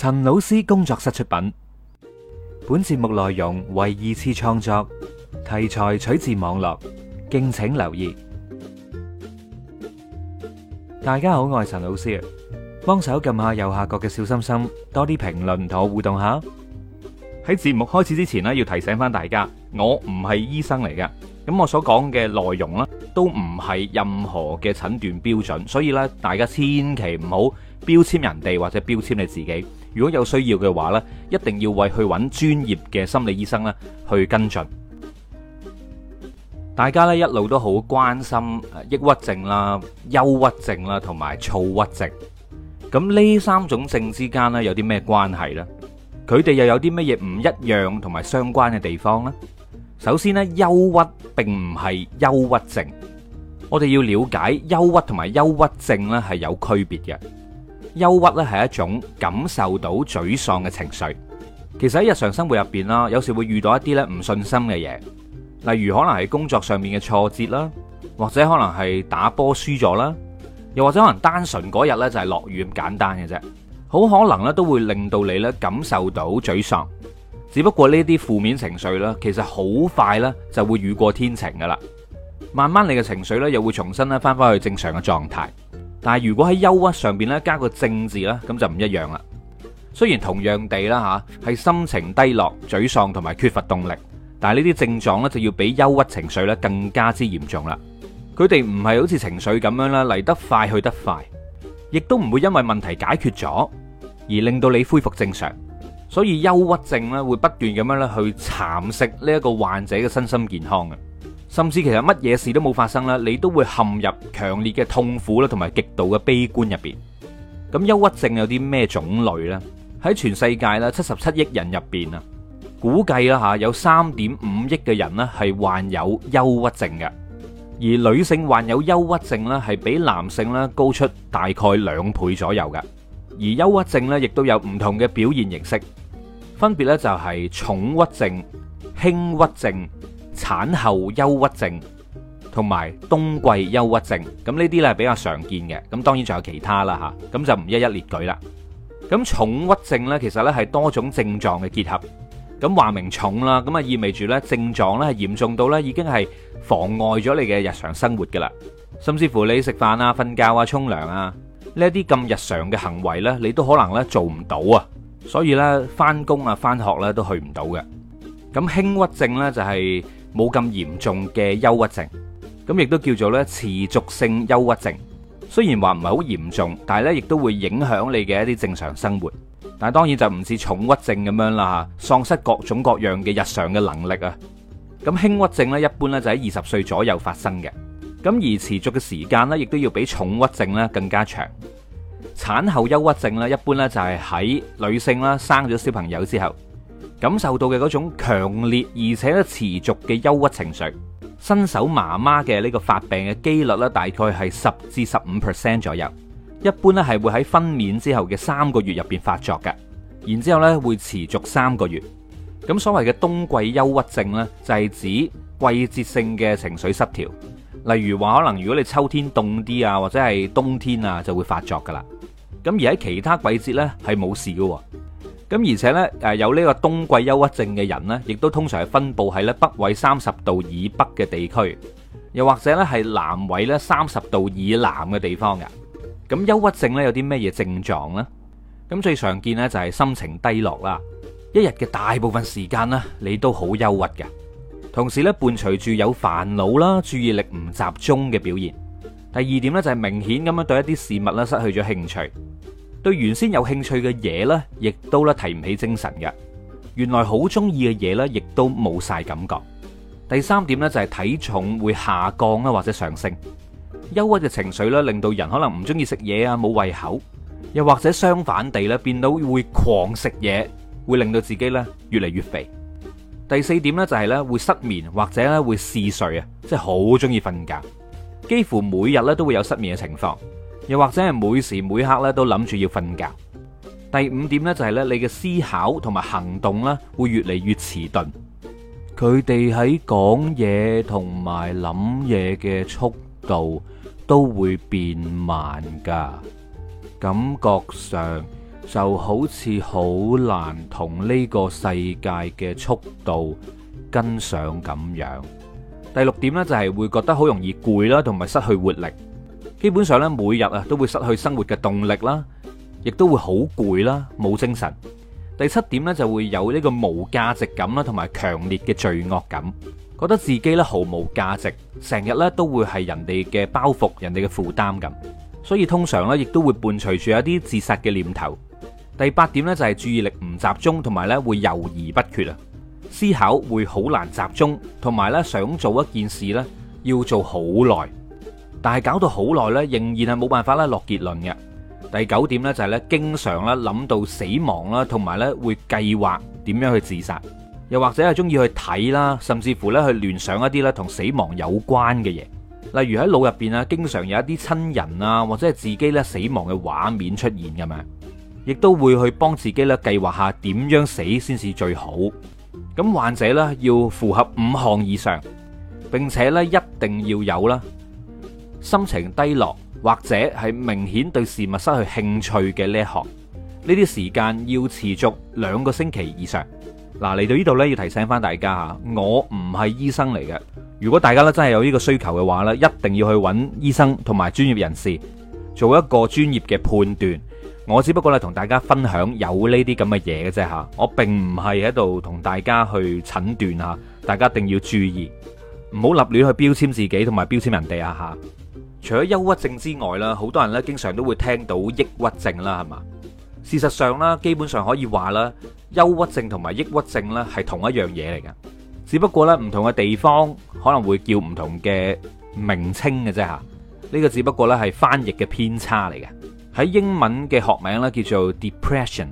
陳老師工作室出品，本節目內容為二次創作，題材取自網絡，敬請留意。大家好，我係陳老師，幫手撳下右下角嘅小心心，多啲評論同我互動下。喺節目開始之前咧，要提醒翻大家，我唔係醫生嚟嘅，咁我所講嘅內容都唔係任何嘅診斷標準，所以咧，大家千祈唔好標籤人哋或者標籤你自己。如果有需要嘅話咧，一定要為去揾專業嘅心理醫生咧去跟進。大家咧一路都好關心抑鬱症啦、憂鬱症啦同埋躁鬱症。咁呢三種症之間咧有啲咩關係咧？佢哋又有啲乜嘢唔一樣同埋相關嘅地方咧？首先咧，憂鬱並唔係憂鬱症。我哋要了解憂鬱同埋憂鬱症咧係有區別嘅。憂鬱咧係一種感受到沮喪嘅情緒，其實喺日常生活入邊啦，有時會遇到一啲咧唔順心嘅嘢，例如可能係工作上面嘅挫折啦，或者可能係打波輸咗啦，又或者可能單純嗰日咧就係落雨咁簡單嘅啫，好可能咧都會令到你咧感受到沮喪，只不過呢啲負面情緒咧，其實好快咧就會雨過天晴噶啦，慢慢你嘅情緒咧又會重新咧返返去正常嘅狀態。但係如果喺憂鬱上邊咧加個正字啦，咁就唔一樣啦。雖然同樣地啦吓，係心情低落、沮喪同埋缺乏動力，但係呢啲症狀咧就要比憂鬱情緒咧更加之嚴重啦。佢哋唔係好似情緒咁樣啦嚟得快去得快，亦都唔會因為問題解決咗而令到你恢復正常。所以憂鬱症咧會不斷咁樣咧去蠶食呢一個患者嘅身心健康嘅。甚至其實乜嘢事都冇發生啦，你都會陷入強烈嘅痛苦啦，同埋極度嘅悲觀入邊。咁憂鬱症有啲咩種類呢？喺全世界呢，七十七億人入邊啊，估計啦吓有三點五億嘅人呢係患有憂鬱症嘅，而女性患有憂鬱症呢係比男性呢高出大概兩倍左右嘅。而憂鬱症呢亦都有唔同嘅表現形式，分別呢就係重鬱症、輕鬱症、產後憂鬱症同埋冬季憂鬱症，咁呢啲咧係比較常見嘅。咁當然仲有其他啦，吓，咁就唔一一列舉啦。咁重鬱症咧，其實咧係多種症狀嘅結合。咁話明重啦，咁啊意味住咧症狀咧係嚴重到咧已經係妨礙咗你嘅日常生活噶啦，甚至乎你食飯啊、瞓覺啊、沖涼啊呢啲咁日常嘅行為咧，你都可能咧做唔到啊。所以咧，返工啊、返學咧都去唔到嘅。咁輕鬱症咧就係。冇咁嚴重嘅憂鬱症，咁亦都叫做呢，持續性憂鬱症。雖然話唔係好嚴重，但係呢亦都會影響你嘅一啲正常生活。但係當然就唔似重鬱症咁樣啦，吓喪失各種各樣嘅日常嘅能力啊。咁輕鬱症呢一般呢就喺二十歲左右發生嘅。咁而持續嘅時間呢亦都要比重鬱症呢更加長。產後憂鬱症呢一般呢就係喺女性啦生咗小朋友之後，感受到嘅嗰種強烈而且咧持續嘅憂鬱情緒，新手媽媽嘅呢個發病嘅幾率咧大概係十至十五 percent 左右，一般咧係會喺分娩之後嘅三個月入邊發作嘅，然之後咧會持續三個月。咁所謂嘅冬季憂鬱症咧，就係指季節性嘅情緒失調，例如話可能如果你秋天凍啲啊，或者係冬天啊就會發作噶啦，咁而喺其他季節呢，係冇事噶。咁而且呢，誒有呢個冬季憂鬱症嘅人呢，亦都通常係分佈喺呢北緯三十度以北嘅地區，又或者呢係南緯呢三十度以南嘅地方嘅。咁憂鬱症呢，有啲咩嘢症狀呢？咁最常見呢，就係心情低落啦，一日嘅大部分時間呢，你都好憂鬱嘅。同時呢，伴隨住有煩惱啦、注意力唔集中嘅表現。第二點呢，就係明顯咁樣對一啲事物呢失去咗興趣。對原先有興趣嘅嘢呢，亦都咧提唔起精神嘅。原來好中意嘅嘢呢，亦都冇晒感覺。第三點呢，就係體重會下降啊，或者上升。憂鬱嘅情緒呢，令到人可能唔中意食嘢啊，冇胃口，又或者相反地呢，變到會狂食嘢，會令到自己呢越嚟越肥。第四點呢，就係呢會失眠或者呢會嗜睡啊，即係好中意瞓覺，幾乎每日呢，都會有失眠嘅情況。又或者係每時每刻呢都諗住要瞓覺。第五點呢，就係你嘅思考同埋行動呢會越嚟越遲鈍，佢哋喺講嘢同埋諗嘢嘅速度都會變慢噶，感覺上就好似好難同呢個世界嘅速度跟上咁樣。第六點呢，就係會覺得好容易攰啦，同埋失去活力。基本上咧，每日啊都會失去生活嘅動力啦，亦都會好攰啦，冇精神。第七點咧，就會有呢個無價值感啦，同埋強烈嘅罪惡感，覺得自己咧毫無價值，成日咧都會係人哋嘅包袱、人哋嘅負擔咁。所以通常咧亦都會伴隨住一啲自殺嘅念頭。第八點呢，就係注意力唔集中，同埋咧會猶豫不決啊，思考會好難集中，同埋咧想做一件事呢要做好耐。但係搞到好耐咧，仍然係冇辦法落結論嘅。第九點呢，就係咧，經常咧諗到死亡啦，同埋咧會計劃點樣去自殺，又或者係中意去睇啦，甚至乎咧去聯想一啲咧同死亡有關嘅嘢，例如喺腦入邊啊，經常有一啲親人啊或者係自己死亡嘅畫面出現咁樣，亦都會去幫自己計劃下點樣死先是最好。咁患者呢，要符合五項以上，並且一定要有啦，心情低落，或者係明顯對事物失去興趣嘅呢一項，呢啲時間要持續兩個星期以上。嗱，嚟到呢度咧，要提醒翻大家吓，我唔係醫生嚟嘅。如果大家咧真係有呢個需求嘅話咧，一定要去揾醫生同埋專業人士做一個專業嘅判斷。我只不過咧同大家分享有呢啲咁嘅嘢嘅啫吓，我並唔係喺度同大家去診斷吓，大家一定要注意，唔好立亂去標籤自己同埋標籤人哋啊吓。除咗憂鬱症之外啦，好多人咧，經常都會聽到抑鬱症啦，係嘛？事實上啦，基本上可以話啦，憂鬱症同埋抑鬱症咧係同一樣嘢嚟嘅，只不過咧唔同嘅地方可能會叫唔同嘅名稱嘅啫吓。呢個只不過咧係翻譯嘅偏差嚟嘅。喺英文嘅學名咧叫做 depression。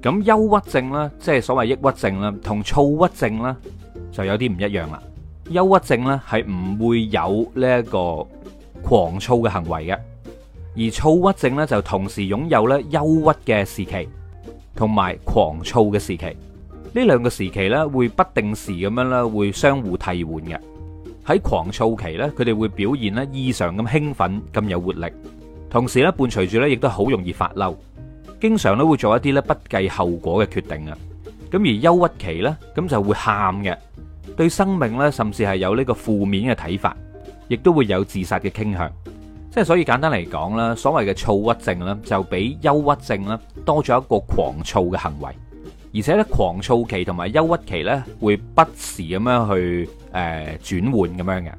咁憂鬱症咧，即係所謂抑鬱症啦，同躁鬱症咧就有啲唔一樣啦。憂鬱症咧係唔會有呢一個狂躁嘅行為嘅，而躁鬱症咧就同時擁有咧憂鬱嘅時期，同埋狂躁嘅時期。呢兩個時期咧會不定時咁樣啦，會相互替換嘅。喺狂躁期咧，佢哋會表現咧異常咁興奮，咁有活力，同時咧伴隨住咧亦都好容易發嬲，經常咧會做一啲咧不計後果嘅決定啊。咁而憂鬱期咧，咁就會喊嘅，對生命咧甚至係有呢個負面嘅睇法。亦都會有自殺嘅傾向，即係所以簡單嚟講啦，所謂嘅躁鬱症咧，就比憂鬱症咧多咗一個狂躁嘅行為，而且咧狂躁期同埋憂鬱期咧會不時咁樣去誒轉換咁樣嘅。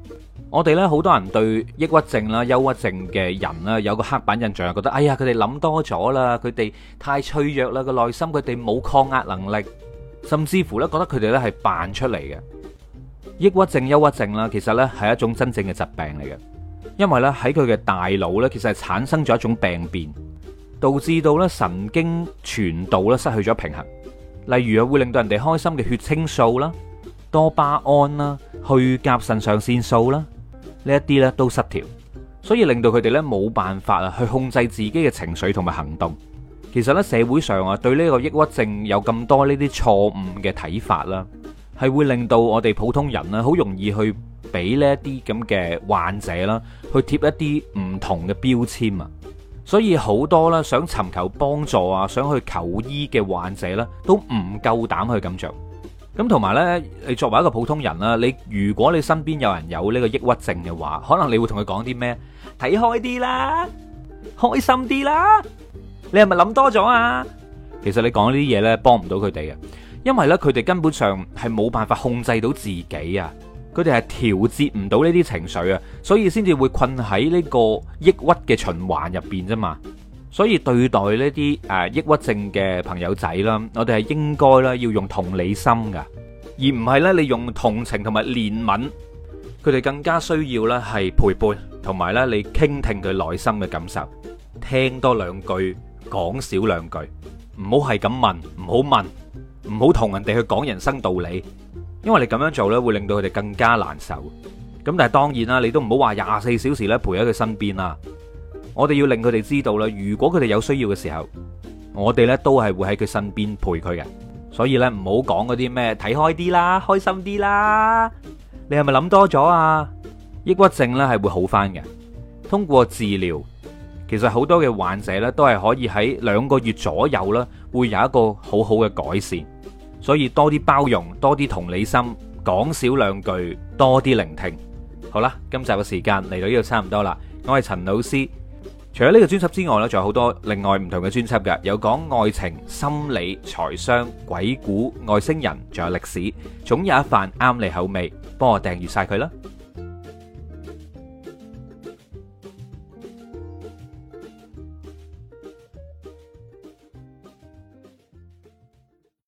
我哋咧好多人對抑鬱症啦、憂鬱症嘅人啦有個刻板印象，覺得，哎呀，佢哋諗多咗啦，佢哋太脆弱啦個內心，佢哋冇抗壓能力，甚至乎咧覺得佢哋咧係扮出嚟嘅。抑鬱症、憂鬱症啦，其實咧係一種真正嘅疾病嚟嘅，因為咧喺佢嘅大腦咧，其實係產生咗一種病變，導致到咧神經傳導咧失去咗平衡。例如啊，會令到人哋開心嘅血清素啦、多巴胺啦、去甲腎上腺素啦，呢一啲咧都失調，所以令到佢哋咧冇辦法啊去控制自己嘅情緒同埋行動。其實咧社會上啊對呢個抑鬱症有咁多呢啲錯誤嘅睇法啦。係會令到我哋普通人咧，好容易去俾呢一啲咁嘅患者啦，去貼一啲唔同嘅標籤啊。所以好多啦，想尋求幫助啊，想去求醫嘅患者啦，都唔夠膽去咁做。咁同埋呢，你作為一個普通人啦，你如果你身邊有人有呢個抑鬱症嘅話，可能你會同佢講啲咩？睇開啲啦，開心啲啦，你係咪諗多咗啊？其實你講呢啲嘢呢，幫唔到佢哋嘅。因為咧，佢哋根本上係冇辦法控制到自己啊，佢哋係調節唔到呢啲情緒啊，所以先至會困喺呢個抑鬱嘅循環入邊啫嘛。所以對待呢啲誒抑鬱症嘅朋友仔啦，我哋係應該啦要用同理心噶，而唔係咧你用同情同埋憐憫，佢哋更加需要咧係陪伴同埋咧你傾聽佢內心嘅感受，聽多兩句，講少兩句，唔好係咁問，唔好問。唔好同人哋去講人生道理，因為你咁樣做呢會令到佢哋更加難受。咁但係當然啦，你都唔好話廿四小時呢陪喺佢身邊啦。我哋要令佢哋知道啦，如果佢哋有需要嘅時候，我哋呢都係會喺佢身邊陪佢嘅。所以呢唔好講嗰啲咩睇開啲啦，開心啲啦。你係咪諗多咗啊？抑鬱症呢係會好翻嘅，通過治療，其實好多嘅患者呢都係可以喺兩個月左右啦，會有一個好好嘅改善。所以多啲包容，多啲同理心，講少兩句，多啲聆聽。好啦，今集嘅時間嚟到呢度差唔多啦。我係陳老師，除咗呢個專輯之外呢，仲有好多另外唔同嘅專輯嘅，有講愛情、心理、財商、鬼故、外星人，仲有歷史，總有一份啱你口味。幫我訂閱晒佢啦。